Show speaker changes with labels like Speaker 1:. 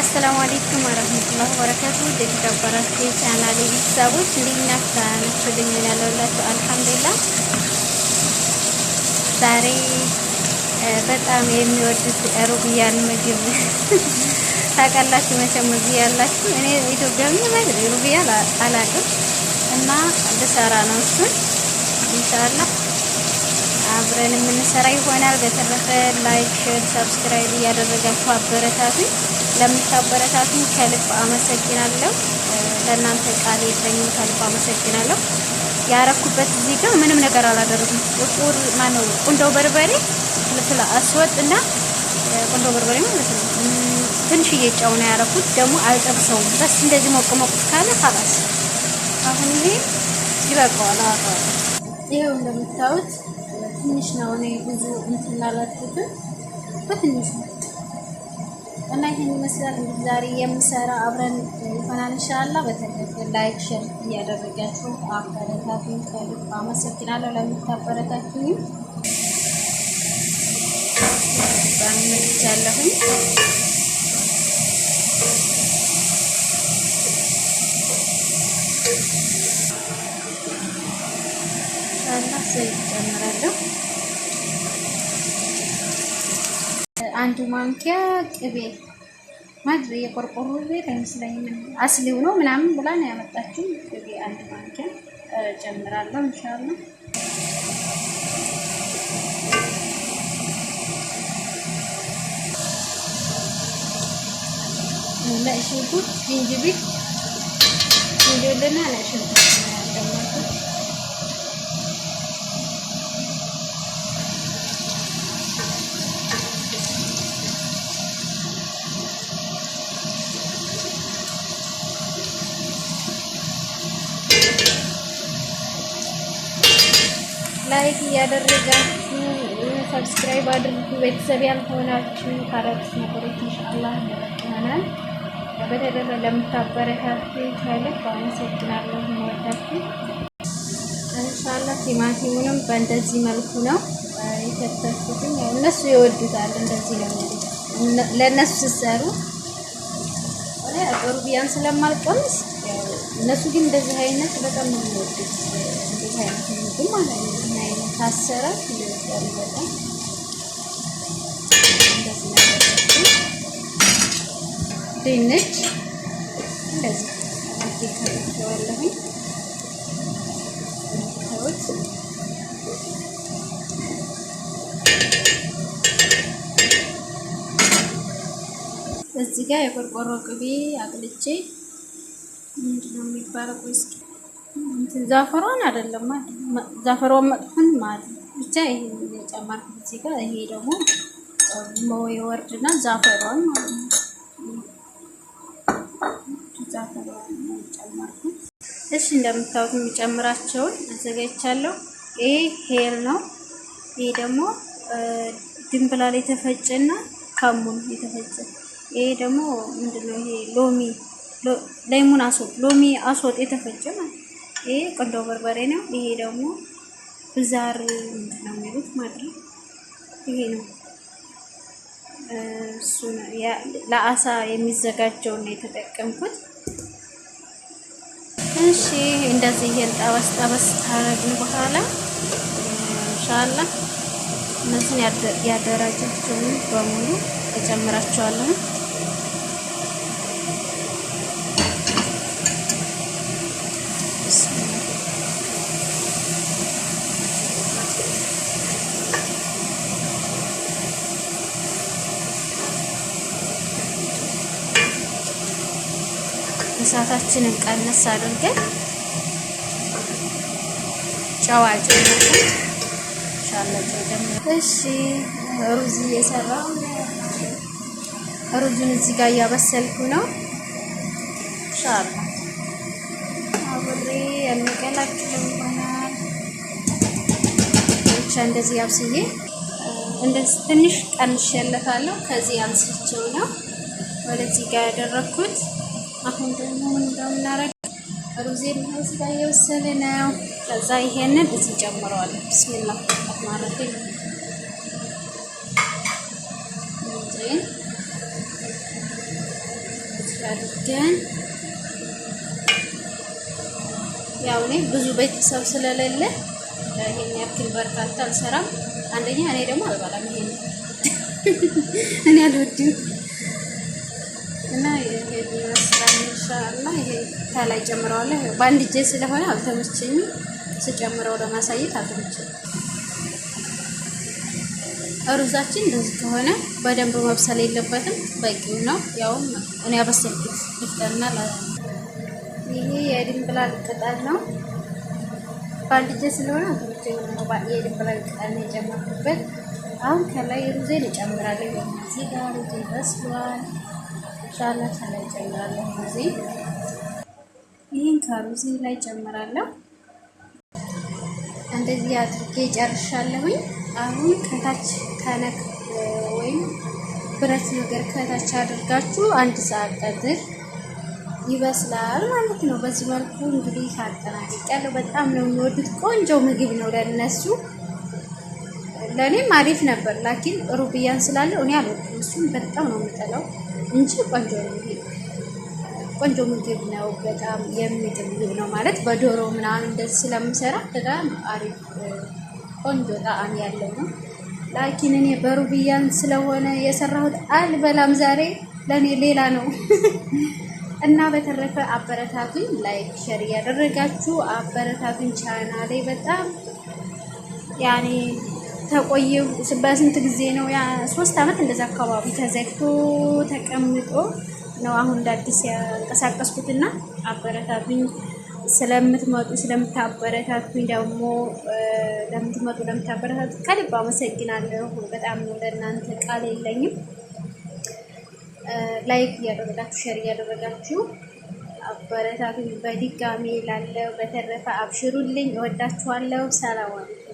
Speaker 1: አሰላሙ አሌይኩም ወረህመቱላህ ወበረካቱ። የተከበራችሁ የቻናሌ ቤተሰቦች እንዴት ናችሁ? ናችሁ ልኝ አልሐምዱሊላህ። ዛሬ በጣም የሚወዱት ሩብያን ምግብ ታውቃላችሁ መቼም እዚህ ያላችሁ እኔ ኢትዮጵያ ሩብያ አላውቅም እና ብሰራ ነው እሱን ኢንሻላህ አብረን የምንሰራ ይሆናል። በተረፈ ላይክ፣ ሼር፣ ሰብስክራይብ እያደረጋችሁ አበረታቱ። ለምታበረታቱ ከልብ አመሰግናለሁ። ለእናንተ ቃል የለኝም፣ ከልብ አመሰግናለሁ። ያረኩበት እዚህ ጋር ምንም ነገር አላደረግም። ጥቁር ማነው ቁንዶ በርበሬ፣ ፍልፍል አስወጥ እና ቁንዶ በርበሬ ማለት ነው። ትንሽዬ ጨው ነው ያረኩት። ደግሞ አልጠብሰውም። በስ እንደዚህ ሞቅ ሞቅ ካለ ካላስ አሁን ይሄ ይበቃዋል። ይኸው እንደምታዩት ትንሽ ነው። እኔ ብዙ እንትን ላላችሁትን ነው እና ይህን ይመስላል እንግዲህ ዛሬ የምሰራ አብረን ይሆናል ኢንሻላህ። በተለይ ላይክ ሸር እያደረጋችሁ አበረታቱኝ። ከልብ አመሰግናለሁ ለምታበረታቱኝ። ባንመቻለሁኝ በኋላ ዘይት ጨምራለሁ። አንዱ ማንኪያ ቅቤ ማድሪ የቆርቆሮ ቤት አይመስለኝም አስሊው ነው ምናምን ብላ ነው ያመጣችው። ቅቤ አንድ ማንኪያ ጨምራለሁ ኢንሻአላህ ነጭ ሽንኩርት፣ ዝንጅብል፣ ዝንጅብልና ነጭ ሽንኩርት ላይክ እያደረጋችሁ ሰብስክራይብ አድርጉ። ቤተሰብ ያልሆናችሁ ካረት ነገሮች ኢንሻአላህ ይሆናል። በተደረ ለምታበረታቱ ከልብ አመሰግናለሁ። ወዳችሁ ኢንሻአላህ ቲማቲሙንም በእንደዚህ መልኩ ነው የከተፍኩትኝ። እነሱ ይወዱታል። እንደዚህ ነው ለእነሱ ስትሰሩ ጥሩ ቢያን ስለማልቀምስ እነሱ ግን እንደዚህ አይነት በጣም ነው የሚወዱት። እንደዚህ አይነት ምግብ ማለት ነው። ታሰረ እንደምታሉ በጣም ድንች እንደዚህ እዚህ ጋር የቆርቆሮ ቅቤ አቅልቼ ምንድነው የሚባለው ቆይ እስኪ ዛፈሯን አይደለም ማለት ዛፈሯን መጥፎን ማለት ብቻ ይሄን የጨመርኩት እዚህ ጋር። ይሄ ደግሞ ሞይ ወርድና ዛፈሯን ማለት ነው። ዛፈሯን ጨመርኩት። እሺ እንደምታውቁ የሚጨምራቸውን አዘጋጅቻለሁ። ይሄ ሄል ነው። ይሄ ደግሞ ድንብላል የተፈጨና ካሙን የተፈጨ። ይሄ ደግሞ ምንድነው? ይሄ ሎሚ ሌሞን አሶጥ ሎሚ አሶጥ የተፈጨ ማለት ይሄ ቆንጆ በርበሬ ነው። ይሄ ደግሞ ብዛር ነው የሚሉት ማለት ነው። ይሄ ነው እሱ ለአሳ የሚዘጋጀውን ነው የተጠቀምኩት። እሺ እንደዚህ ይሄን ጠበስ ጠበስ ካረግን በኋላ ኢንሻአላ እነዚህን ያደራጃቸውን በሙሉ ተጨምራቸዋለሁ። እሳታችንን ቀነስ አድርገን ጨዋ ጨምረን ሻለቀ ደግሞ እሺ፣ ሩዝ እየሰራ ሩዙን እዚህ ጋር እያበሰልኩ ነው። ሻላ አብሬ የሚቀላቅለው ይሆናል። ብቻ እንደዚህ አብስዬ እንደዚህ ትንሽ ቀንሼለታለሁ። ከዚህ አንስቼው ነው ወደዚህ ጋር ያደረኩት። አሁን ደግሞ እንደምናረግ ሩዜ ሊሆን የወሰነ ነው። ከዛ ይሄንን እዚህ ጨምረዋለሁ። ብስሚላ ማረፊ ፈርደን ያው እኔ ብዙ ቤተሰብ ስለሌለ ይሄን ያክል በርካታ አልሰራም። አንደኛ እኔ ደግሞ አልበላም። ይሄን እኔ አልወድም። እና ይሄን ስራ ኢንሻአላህ ይሄ ከላይ ጨምረዋለሁ። በአንድ እጄ ስለሆነ አልተመቸኝም፣ ስጨምረው ለማሳየት አልተመቸኝም። ሩዛችን እንደዚህ ከሆነ በደንብ መብሰል የለበትም፣ በቂው ነው። ያውም እኔ ያበሰልኩት ይፍጠርና ይሄ የድንብላል ቅጠል ነው። በአንድ እጄ ስለሆነ የድንብላል ቅጠል ነው የጨመርኩበት። አሁን ከላይ ሩዜን እጨምራለሁ። እዚህ ጋር ሩዜ በስሏል። ሻላ ሻላ ይጨምራለሁ። እዚህ ይህን ካሉ ላይ ጨምራለሁ። እንደዚህ አድርጌ ጨርሻለሁኝ። አሁን ከታች ከነክ ወይም ብረት ነገር ከታች አድርጋችሁ አንድ ሰዓት ቀድር ይበስላል ማለት ነው። በዚህ መልኩ እንግዲህ አጠናቅቄያለሁ። በጣም ነው የሚወዱት። ቆንጆ ምግብ ነው ለእነሱ። ለእኔም አሪፍ ነበር። ላኪን ሩብያን ስላለ እኔ አልወድም። እሱም በጣም ነው የምጠላው እንጂ ቆንጆ ነው። ቆንጆ ምግብ ነው። በጣም የሚጥም ምግብ ነው ማለት በዶሮ ምናምን እንደዚህ ስለምሰራ በጣም አሪፍ ቆንጆ ጣዕም ያለው ነው። ላኪን እኔ በሩብያን ስለሆነ የሰራሁት አልበላም ዛሬ። ለእኔ ሌላ ነው እና በተረፈ አበረታቱኝ። ላይክ ሸር እያደረጋችሁ አበረታቱኝ። ቻና ላይ በጣም ያኔ ተቆየ በስንት ጊዜ ነው? ያ ሶስት አመት እንደዛ አካባቢ ተዘግቶ ተቀምጦ ነው አሁን እንደ አዲስ ያንቀሳቀስኩትና አበረታቱኝ። ስለምትመጡ ስለምታበረታቱኝ ደግሞ ለምትመጡ ለምታበረታቱ ከልብ አመሰግናለሁ። በጣም ነው ለእናንተ ቃል የለኝም። ላይክ እያደረጋችሁ ሸር እያደረጋችሁ አበረታቱኝ። በድጋሜ ላለው በተረፈ አብሽሩልኝ። እወዳችኋለሁ። ሰላም አለይኩም።